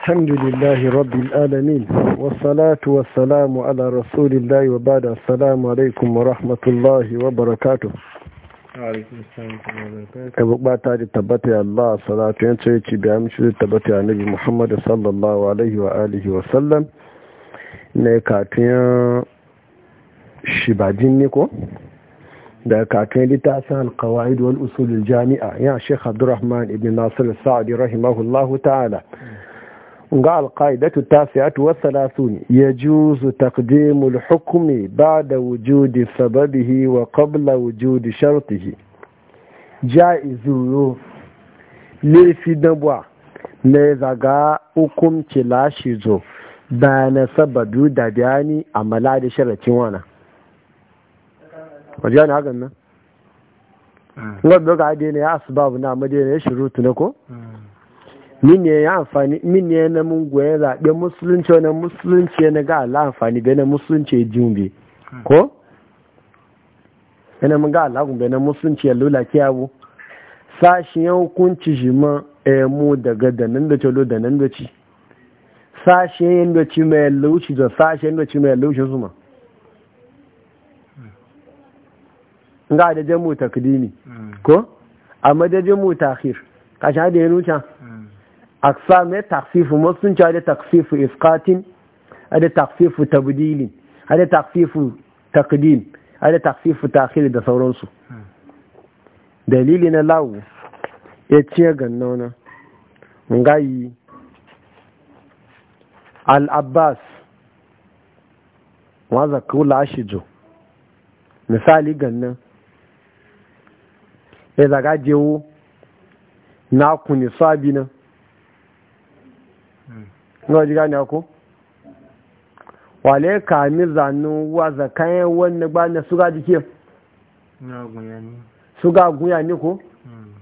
الحمد لله رب العالمين والصلاة والسلام على رسول الله وبعد السلام عليكم ورحمة الله وبركاته ka bukata da tabbata Allah salatu yan ce ci biya mishi da tabbata ya nabi Muhammad sallallahu alaihi wa alihi wa sallam ne katun shibajin ne ko da katun littafin alqawaid wal usul jami'a ya Sheikh Abdurrahman ibn Nasir sa'adi sadi rahimahullahu ta'ala ga alƙa'idatu ta siyatu wasu salasun ya juzu takdimul hukumi ba da wujudi sababihi wa kabla wujudi shartihi ja'izu fi dabuwa ne zaga hukumci lashi zo ba na sababu hmm. da ni a mala da sharacin wana wajen hakan nan? wadda ga adina ya asibabu na madina ya shirutu na ko? Hmm. min ne ya amfani min ne na mun goyen zaɓe musulunci wani musulunci na ga Allah amfani bai na musulunci jumbe hmm. ko yana mun ga Allah bai na musulunci ya lula kiyabu sashin ya hukunci shi ma eh, mu daga da nan da colo da nan da ci ya yin da ci mai lauci da sashin da ci mai lauci su ma hmm. ga da jamu takdimi hmm. ko amma da mu takhir kashi da ya nuta aksa mai taksifu sun ci hada taksifu iskatin hada taksifu tabdilin hada taksifu takdim hada taksifu takhir da sauransu dalili na lawo ya ganna gannona ngayi al-abbas wanda kula shi jo misali ganna. ya zaga jewo na kuni sabi na. nwa ji gani ako wale ka mi zanu wa zakayen wani gba na suga jike suga gunya ni ko hmm.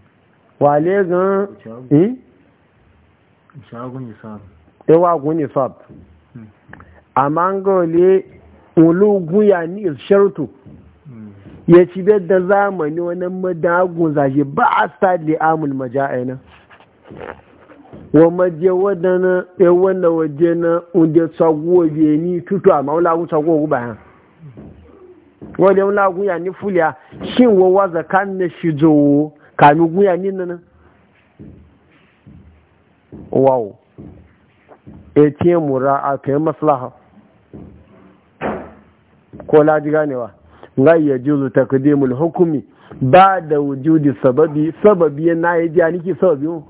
wale gan eh ewa gunyi hmm? sab amma ga wale ulu gunya ni shartu hmm. ya ci da zamani wani madagun zaje ba a sa li'amul maja'ina wa maje wadana ya e wanda waje na unde saguwa biye ni tutu amma wala ku saguwa ku bayan wadda wala ku ya ni fuliya shin wa waza kan na shi zowo kami ku ya ni nan wow etiye mura a kai maslaha ko laji ganewa nga iya juzu takdimul hukumi ba da wujudi sababi sababi na yaji aniki sababi mu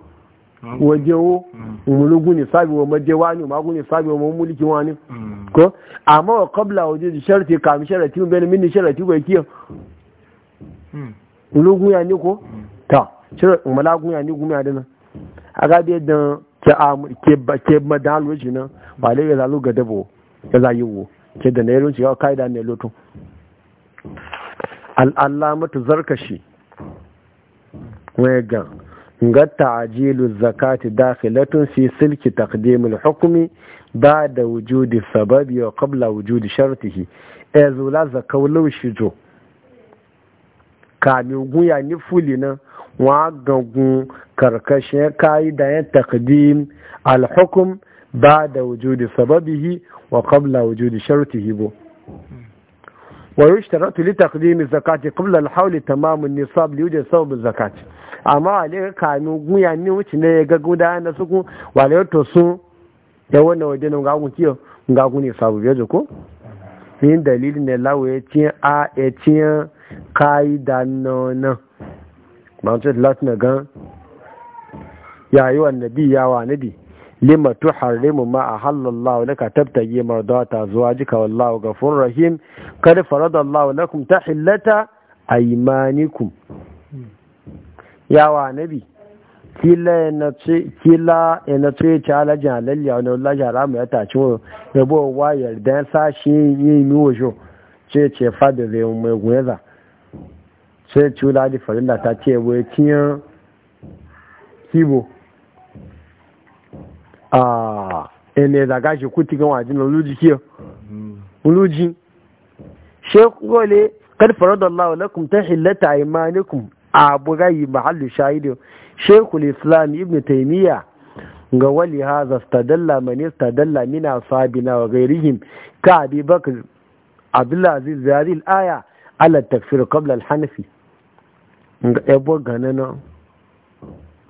wajewo umulugu hmm. ne sabi wa majewa ne magu ne sabi wa mulki wani hmm. ko amma wa kabla waje da sharti kam sharati bin min sharati ko kiyo hmm. ulugu ya ni ko ta shirin umulagu ya ni gumi adana aga dai da ke am ke ba ke madalu jina ba le ga lu ga dabo ga za yiwo ke da ne lunci ga kaida ne loto al allamatu zarkashi wega ga ta'ajilu zakati dakhilatun fi silki taqdimul hukmi ba'da wujudi sababi wa qabla wujudi shartihi e zula zakawlu shijo kami guya ni fuli na wa gangun karkashin kai da ya taqdim al hukm ba'da wujudi sababihi wa qabla wujudi shartihi bo ويشترط لتقديم الزكاة قبل الحول تمام النصاب ليوجد ثوب الزكاة amma wale ga kanu guya ni wuce ne ya gagu da yana suku wale to su ya wannan waje nan gagun kiyo gagun ne sabu biyo ko yin dalilin ne lawo ya ci a ya ci kai da nonon ba ce latin gan ya yi wa nabi ya wa nabi lima tuharrimu ma a halallahu laka tabtagi mardata zuwa jika wallahu gafur rahim kada faradallahu lakum tahillata aymanikum yawa nabi kila ina ce ce alajin halalliya wani lajin haramu ya taci wa yabo wa yarda ya sa yi mi wajo ce ce fada zai mai gweza ce ce wula di farilla ta ce yabo ya kiyan kibo a ene zaga shi kuti gan wajen luluji kiyo luluji shekule kad faradallahu lakum ta hillata imanikum abu gayi mahallu shahidu shekul islam ibn taimiyya ga wali haza istadalla man istadalla min ashabina wa ghairihim ka abi bakar abdullah aziz zari al'aya ala tafsir qabla al-hanafi ga ebo ganana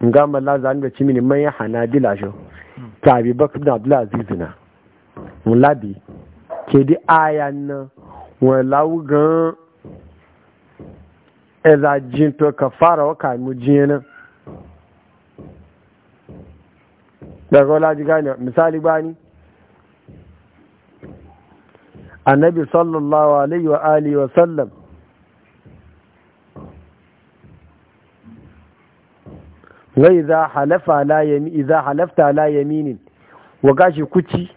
ga malla zan ga cimini man ya hanabila sho ka abi bakar ibn abdullah aziz na mulabi ke di ayan na wala wugan za jin to ka fara wa kamu jinin daga wala ji gane misali bani annabi sallallahu alaihi wa alihi wa sallam wa idza halafa la yamin idza halafta la yaminin wa gashi kuci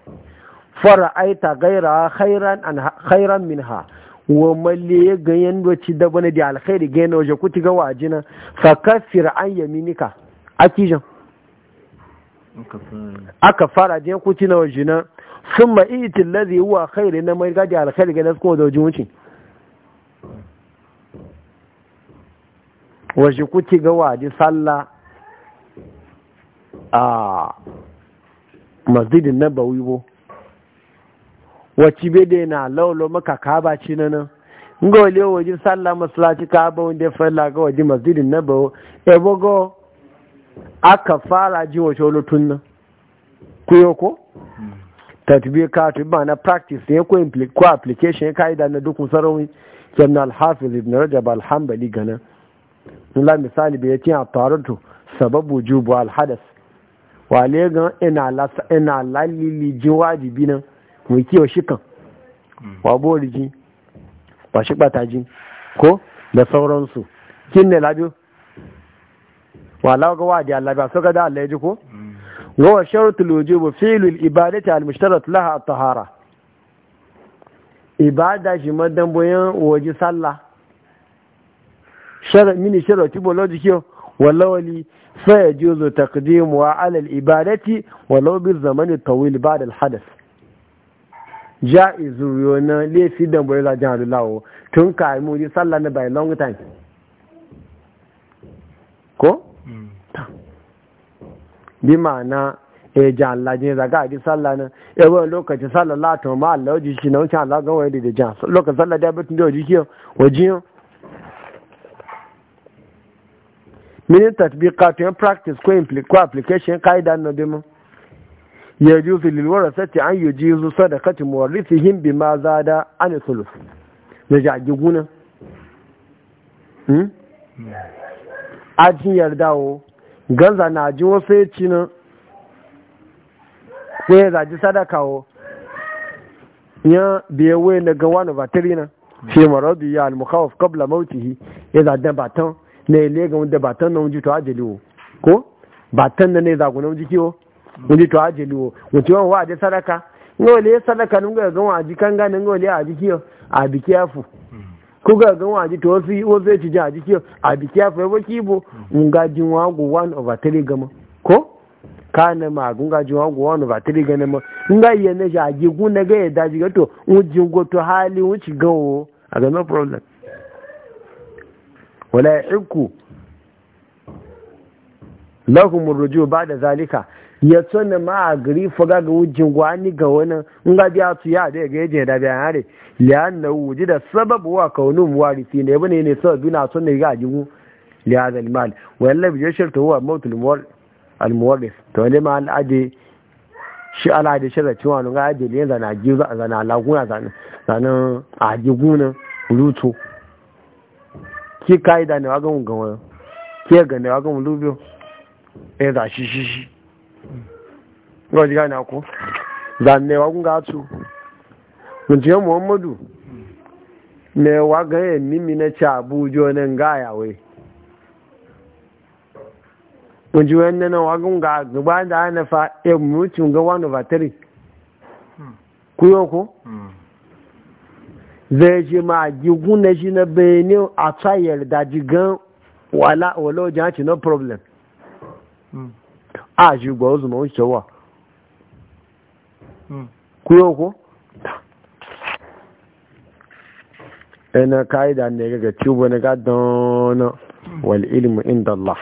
aita gaira khairan an khairan minha wa malle ya ga yanda ci da bane da alkhairi ga yana waje kuti ga wajina fa kafir an yaminika akijan aka fara jiyan kuti na wajina thumma iti alladhi wa khairi na mai ga da alkhairi ga kuma da wajin wucin waje kuti ga waje sallah a masjidin na bo wacce bede na laulo maka kaba ci na nan nga wale waje sallah ka kaba wanda fa la ga waje masjidin na E bogo aka fara ji wace lutun nan kuyo ko tatbi ka tu ba na practice ne ko ko application ya kaida na duk sarawi ibn al-hafiz ibn rajab al-hanbali gana la misali bai tin a tarutu sababu jubu al-hadas wale ga ina ina lalili ji wajibi nan mai kiwa ọ̀ṣì kan wà bóòlù jí shi ṣí jin ko da sauransu kin ne labi wa laga wa da labiya suka da Allah ya ji ko mm. wa sharatul wujub fi'l al ibadati al mushtarat laha at tahara ibada shi madan boyan waji sallah shara mini shara tibology kiyo walawali fa yajuzu taqdimu ala al ibadati walau bil zamani tawil ba'da al hadath ja yo na laifi da bai zajen halulawo tun ka mu muri sallah na by long time ko? bi hmm. ma'ana e jan lajin zaga a ji sallah na ebe lokacin sallah to ma allah ji shi na wuce allah gan wani da jan lokacin sallah da batun da ji kiyo o ji tatbika to yin practice ko application ka'ida no demo يجوز للورثة أن يجيز صدقة مورثهم بما زاد عن الثلث نجع جبونا ajin yarda wo ganza na ajin wasu ya ci nan ko ya sadaka wo ya biye waye na ga wani batiri nan shi maradu ya almukawaf kabla mautihi ya zaji batan na ile ga wanda batan na wunji to ajali wo ko batan na ne zagunan jiki wo ndi to ajali wo mutum wa waje sadaka ngole sadaka nunga ga waji kanga ngole a jikiyo a bikiyafu ko ga ga waji to wasu wasu ci ja bụ a bikiyafu ya waki bo nga 1 over 3 gama ko kana ma gunga jinwa go 1 over 3 gama ma nga iya na ja ji ga ya daji to go to hali no problem wala lahum ruju ba da zalika ya tsona ma a gari faga ga wujin gwani ga wani in ga biya su ya da ga yaje da biya hare lian na wuji da sababu wa kaunun warisi ne bane ne sababu na son ne ga jigu li hada al mal walla bi yashir to huwa mautul muwar al muwarris to ne ma al adi shi al adi shirra cewa nun ga adi liyan zana ji zana laguna zana zana a jiguna ruto ki kaida ne wa ga mun ga wani ki ga ne wa ga mun lubiyo ya eh, za shi shi shi ga gane ku zanewa kun muhammadu ganye na ci abujo ga ga gaba da ana fa ya ga wani batari zai ji ma jigun na shi na benin a tsayar da jigan wala no problem Aji ji gba ozu ma wuce wa kuyo ko ina ka'ida ne ga cibo na gadon wal ilmu inda Allah